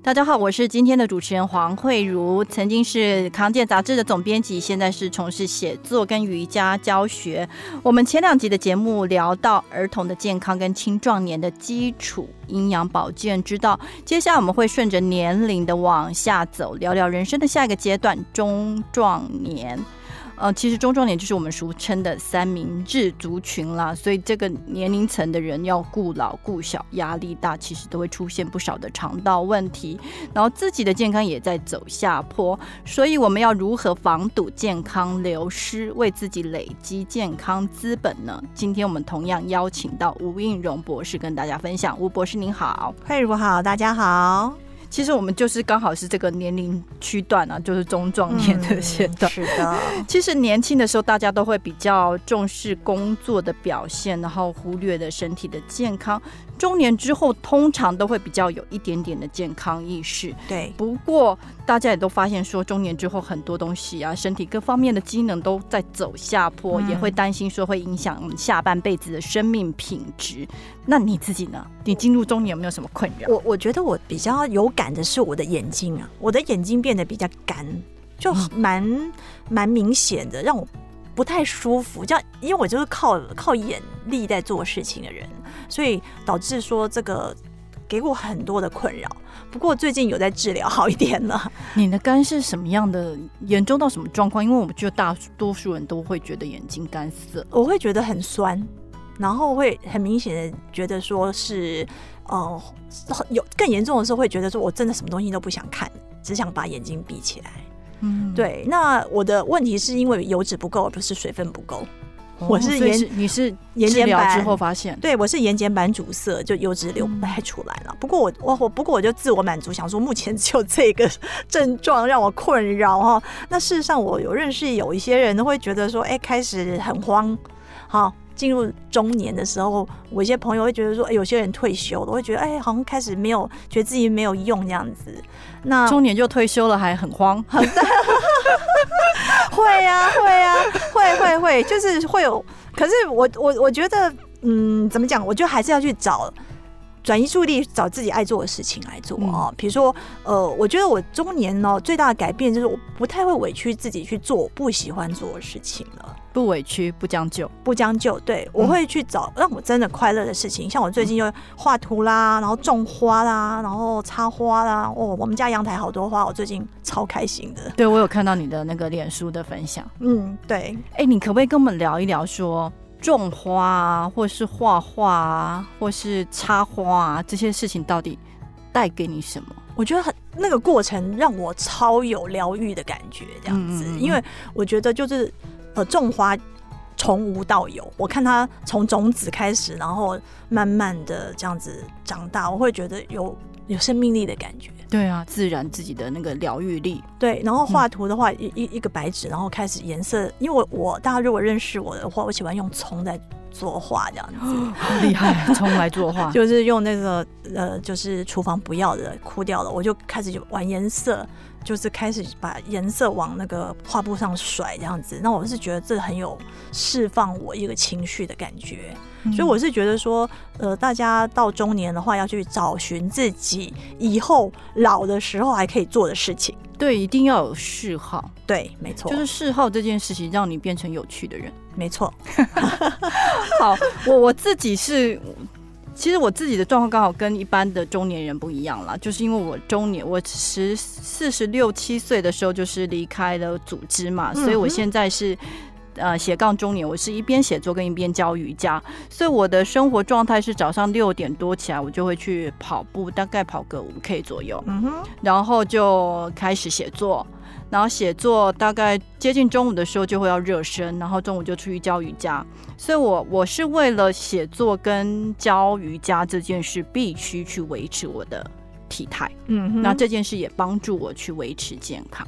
大家好，我是今天的主持人黃惠如。曾經是《康健》雜誌的總編輯，現在是從事寫作跟瑜伽教學。我們前兩集的節目聊到兒童的健康跟青壯年的基礎營養保健之道，接下來我們會順着年齡的往下走，聊聊人生的下一個階段——中壯年。呃，其實中壯年就是我們俗稱的三明治族群啦，所以這個年齡層的人要顧老顧小，壓力大，其實都會出現不少的腸道問題，然後自己的健康也在走下坡，所以我們要如何防堵健康流失，為自己累積健康資本呢？今天我們同樣邀請到吳映蓉博士跟大家分享。吳博士您好。嗨，惠如好，大家好。其實我們就是剛好是這個年齡區段啊，就是中壯年的階段，嗯。是的， 其實年輕的時候大家都會比較重視工作的表現，然後忽略了身體的健康。中年之後，通常都會比較有一點點的健康意識。對，不過。大家也都發現說，中年之後很多東西啊，身體各方面的機能都在走下坡，嗯、也會擔心說會影響下半輩子的生命品質。那你自己呢？你進入中年有沒有什麼困擾？我我覺得我比較有感的是我的眼睛啊，我的眼睛變得比較乾，就蠻蠻明顯的，讓我不太舒服。這樣，因為我就是靠靠眼力在做事情的人，所以導致說這個。給我很多的困擾，不過最近有在治療，好一點了。你的乾是什麼樣的？嚴重到什麼狀況？因為我覺得大多數人都會覺得眼睛乾澀，我會覺得很酸，然後會很明顯的覺得說是，哦、呃，有更嚴重的時候會覺得說我真的什麼東西都不想看，只想把眼睛閉起來。嗯，對。那我的問題是因為油脂不夠，而不是水分不夠。我是、哦、你是治療之後發現，對我是眼瞼板阻塞，就油脂流不出來了。不過我我我，不過我就自我滿足，想說目前只有這個症狀讓我困擾哈。那事實上，我有認識有一些人都會覺得說，哎、欸，開始很慌，好進入中年的時候，我一些朋友會覺得說，哎、欸，有些人退休了，我會覺得哎、欸，好像開始沒有覺得自己沒有用這樣子。那中年就退休了還很慌，很。 對， 就是會有，可是我我我覺得，嗯，怎麼講？我就還是要去找。轉移注意力，找自己愛做的事情來做，哦嗯、比如說，呃，我覺得我中年呢最大的改變就是我不太會委屈自己去做我不喜歡做的事情了。不委屈，不將就，不將就。對，我會去找讓我真的快樂的事情。嗯、像我最近又畫圖啦，然後種花啦，然後插花啦。哦，我們家陽台好多花，我最近超開心的。對，我有看到你的那個臉書的分享。嗯，對。哎、欸，你可不可以跟我們聊一聊說，種花啊，或是畫畫啊，或是插花啊，這些事情到底帶給你什麼？我覺得很那個過程讓我超有療癒的感覺，這樣子，嗯嗯，因為我覺得就是呃，種花從無到有，我看它從種子開始，然後慢慢的這樣子長大，我會覺得有。有生命力的感覺，對啊，自然，自己的那個療癒力，對。然後畫圖的話，嗯、一一一個白紙，然後開始顏色。因為我我大家如果認識我的話，我喜歡用蔥在作畫這樣子，哦、厲害，蔥 來作畫，就是用那個呃，就是廚房不要的枯掉了，我就開始就玩顏色，就是開始把顏色往那個畫布上甩這樣子。那我是覺得這很有釋放我一個情緒的感覺。所以我是覺得說，呃，大家到中年的話，要去找尋自己以後老的時候還可以做的事情。對，一定要有嗜好。對，沒錯，就是嗜好這件事情，讓你變成有趣的人。沒錯。 好，我我自己是，其實我自己的狀況剛好跟一般的中年人不一樣了，就是因為我中年，我十、四十六、七歲的時候就是離開了組織嘛，嗯、哼所以我現在是。呃，斜槓中年，我是一邊寫作跟一邊教瑜伽，所以我的生活狀態是早上六點多起來，我就會去跑步，大概跑個五 K 左右，然後就開始寫作，然後寫作大概接近中午的時候就會要熱身，然後中午就出去教瑜伽，所以我我是為了寫作跟教瑜伽這件事必須去維持我的體態，嗯，那這件事也幫助我去維持健康。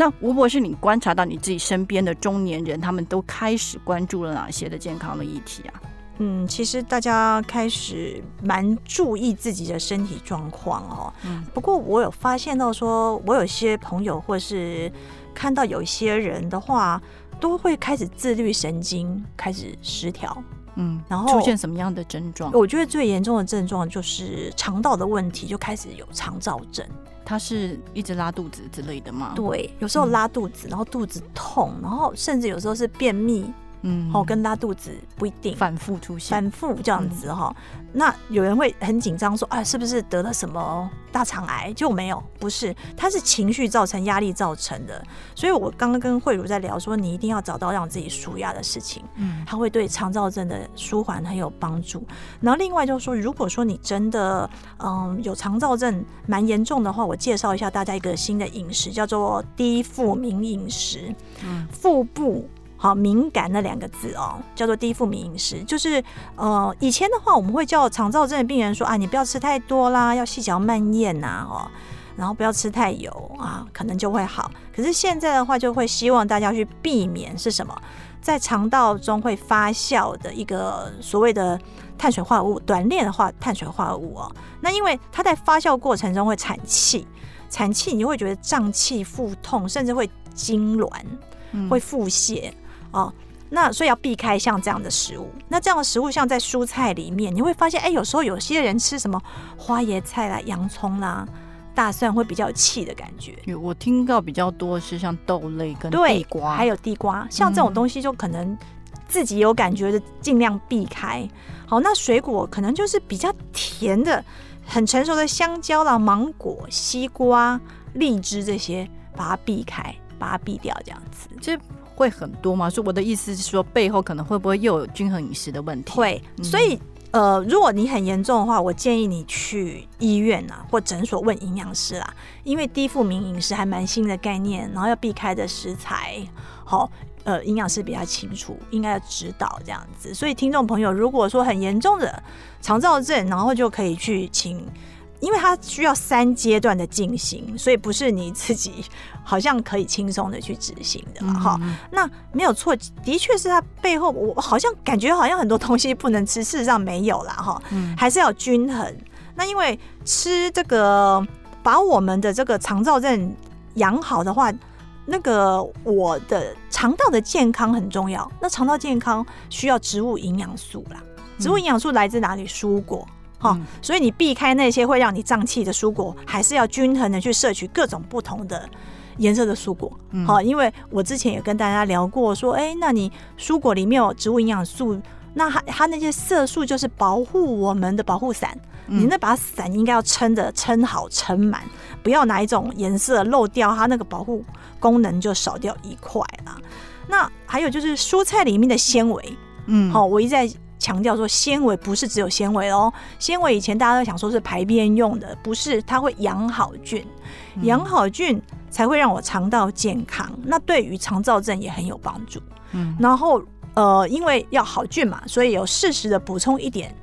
那吳博士，你觀察到你自己身邊的中年人，他們都開始關注了哪些的健康的議題啊？嗯，其實大家開始蠻注意自己的身體狀況哦。嗯。不過我有發現到說，說我有些朋友或是看到有一些人的話，都會開始自律神經開始失調。嗯。然後出現什麼樣的症狀？我覺得最嚴重的症狀就是腸道的問題，就開始有腸躁症。他是一直拉肚子之類的嗎？對，有時候拉肚子，然後肚子痛，然後甚至有時候是便祕。嗯，好，跟拉肚子不一定反覆出現，反覆這樣子哈。嗯、那有人會很緊張說，啊，是不是得了什麼大腸癌？就沒有，不是，它是情緒造成壓力造成的。所以我剛剛跟惠如在聊說，你一定要找到讓自己紓壓的事情，嗯，它會對腸躁症的舒緩很有幫助。然後另外就是說，如果說你真的嗯有腸躁症蠻嚴重的話，我介紹一下大家一個新的飲食，叫做低腹敏飲食，嗯，腹部。好敏感那兩個字哦，叫做低腹敏飲食，就是呃以前的話，我們會叫腸燥症的病人說啊，你不要吃太多啦，要細嚼慢嚥吶、啊、哦，然後不要吃太油啊，可能就會好。可是現在的話，就會希望大家去避免是什麼，在腸道中會發酵的一個所謂的碳水化合物，短鏈的話碳水化合物哦，那因為它在發酵過程中會產氣，產氣你就會覺得脹氣、腹痛，甚至會痙攣，會腹瀉。嗯哦，那所以要避開像這樣的食物。那這樣的食物，像在蔬菜裡面，你會發現，哎、欸，有時候有些人吃什麼花椰菜啦、洋蔥啦、大蒜，會比較有氣的感覺。我聽到比較多的是像豆類跟地瓜。對，還有地瓜，像這種東西就可能自己有感覺的，盡量避開。好，那水果可能就是比較甜的，很成熟的香蕉啦、芒果、西瓜、荔枝這些，把它避開，把它避掉，這樣子。會很多嗎？所以我的意思是說，背後可能會不會又有均衡飲食的問題？會。所以呃，如果你很嚴重的話，我建議你去醫院啊，或診所問營養師啦，因為低腹敏飲食還蠻新的概念，然後要避開的食材，好、哦，呃，營養師比較清楚，應該要指導這樣子。所以聽眾朋友，如果說很嚴重的腸躁症，然後就可以去請。因為它需要三階段的進行，所以不是你自己好像可以輕鬆的去執行的哈、嗯嗯嗯。那沒有錯，的確是它背後我好像感覺好像很多東西不能吃，事實上沒有啦哈。嗯、還是要均衡。那因為吃這個把我們的這個腸道症養好的話，那個我的腸道的健康很重要。那腸道健康需要植物營養素啦，植物營養素來自哪裡？蔬果。哦、所以你避開那些會讓你脹氣的蔬果，還是要均衡的去攝取各種不同的顏色的蔬果。好、哦，嗯、因為我之前也跟大家聊過，說，哎、欸，那你蔬果裡面有植物營養素，那它它那些色素就是保護我們的保護傘，你那把傘應該要撐着、撐好、撐滿，不要哪一種顏色漏掉，它那個保護功能就少掉一塊了。那還有就是蔬菜裡面的纖維，嗯，好，我一在。強調說，纖維不是只有纖維哦，纖維以前大家都想說是排便用的，不是，它會養好菌，嗯，養好菌才會讓我腸道健康，那對於腸躁症也很有幫助。嗯，然後呃，因為要好菌嘛，所以有適時的補充一點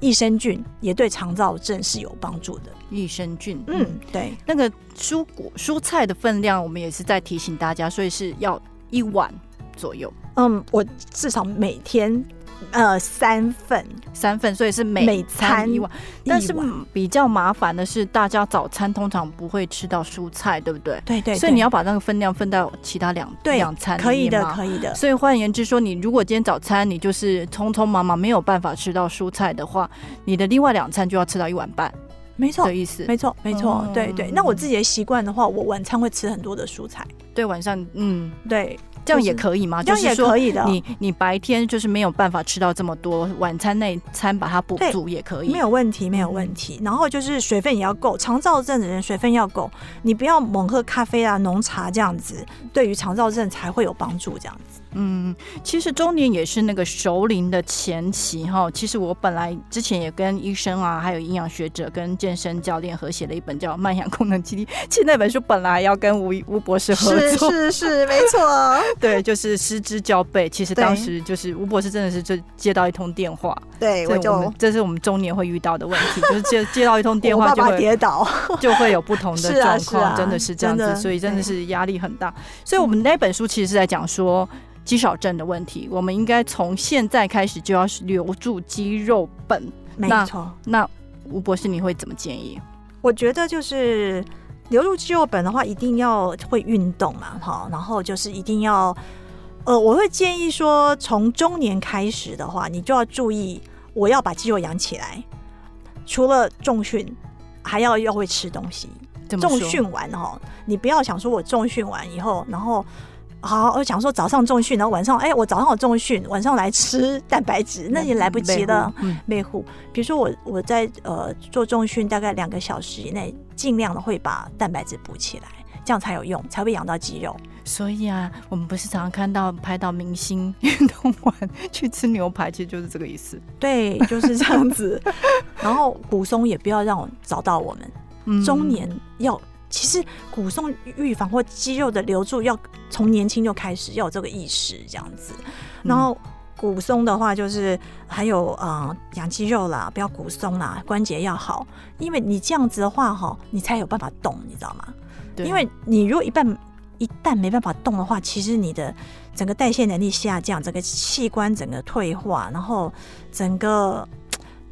益生菌，也對腸躁症是有幫助的。益生菌，嗯，對，那個蔬果蔬菜的分量，我們也是在提醒大家，所以是要一碗左右。嗯，我至少每天。呃，三份，三份，所以是每餐一碗，一碗，但是比較麻煩的是，大家早餐通常不會吃到蔬菜，對不對？對，對對，所以你要把那個分量分到其他兩兩對餐裡面嘛。可以的，可以的。所以換言之說，你如果今天早餐你就是匆匆忙忙沒有辦法吃到蔬菜的話，你的另外兩餐就要吃到一碗半，沒錯錯的意思，沒錯，沒錯。嗯、對，對對。那我自己的習慣的話，我晚餐會吃很多的蔬菜。對，晚上嗯，對。這樣也可以嗎？是？這樣也可以的。就是說你你白天就是沒有辦法吃到這麼多，晚餐那餐把它補足也可以。沒有問題，沒有問題。然後就是水分也要夠，腸躁症的人水分要夠，你不要猛喝咖啡啊、濃茶這樣子，對於腸躁症才會有幫助這樣子。嗯，其實中年也是那個熟齡的前期哈。其實我本來之前也跟醫生啊，還有營養學者、跟健身教練合寫了一本叫《慢養功能肌力》。其實那本書本來要跟吳吳博士合作，是是，是沒錯， 對，就是失之交臂。其實當時就是吳對博士真的是就接到一通電話，對，我們我就這是我們中年會遇到的問題， 就是接接到一通電話就會爸爸跌倒， 就會有不同的狀況，啊啊、真的是這樣子，的所以真的是壓力很大。對所以我們那本書其實是在講說。肌少症的問題，我們應該從現在開始就要留住肌肉本。沒錯。那，那吳博士，你會怎麼建議？我覺得就是留住肌肉本的話，一定要會運動嘛，哈，然後就是一定要，呃，我會建議說，從中年開始的話，你就要注意，我要把肌肉養起來，除了重訓，還要要會吃東西。怎麼重訓完哈，你不要想說我重訓完以後，然後。好，我想說早上重訓，然後晚上，哎、欸，我早上有重訓，晚上來吃蛋白質，嗯、那也來不及了。妹護、嗯，比如說我我在呃做重訓，大概兩個小時以內，盡量的會把蛋白質補起來，這樣才有用，才會養到肌肉。所以啊，我們不是常常看到拍到明星運動完去吃牛排，其實就是這個意思。對，就是這樣子。 然後骨鬆也不要讓我找到我們、嗯、哼中年要。其實骨鬆預防或肌肉的留住，要從年輕就開始，要有這個意識這樣子。然後骨鬆的話，就是還有呃養肌肉啦，不要骨鬆啦，關節要好，因為你這樣子的話哈，你才有辦法動，你知道嗎？對。因為你如果一半一旦沒辦法動的話，其實你的整個代謝能力下降，整個器官整個退化，然後整個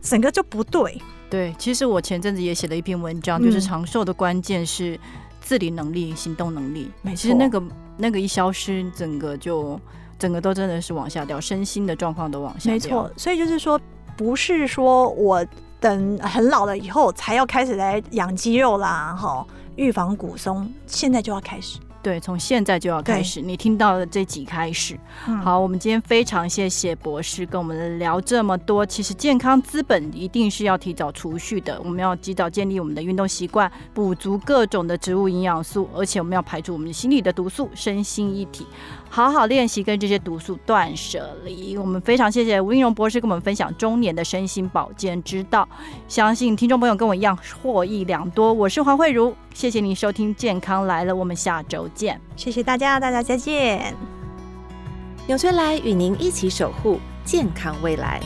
整個就不對。對，其實我前陣子也寫了一篇文章，嗯，就是長壽的關鍵是自理能力、行動能力。沒錯，其實那個那個一消失，整個就整個都真的是往下掉，身心的狀況都往下掉。沒錯，所以就是說，不是說我等很老了以後才要開始來養肌肉啦，哈，預防骨鬆，現在就要開始。對，從現在就要開始，對你聽到的這集開始。嗯、好，我們今天非常謝謝博士跟我們聊這麼多。其實健康資本一定是要提早儲蓄的，我們要及早建立我們的運動習慣，補足各種的植物營養素，而且我們要排除我們心理的毒素，身心一體，好好練習跟這些毒素斷舍離。我們非常謝謝吳映蓉博士跟我們分享中年的身心保健之道，相信聽眾朋友跟我一樣獲益良多。我是黃惠如，謝謝你收聽《健康來了》，我們下周。見，謝謝大家，大家再見。紐崔萊與您一起守護健康未來。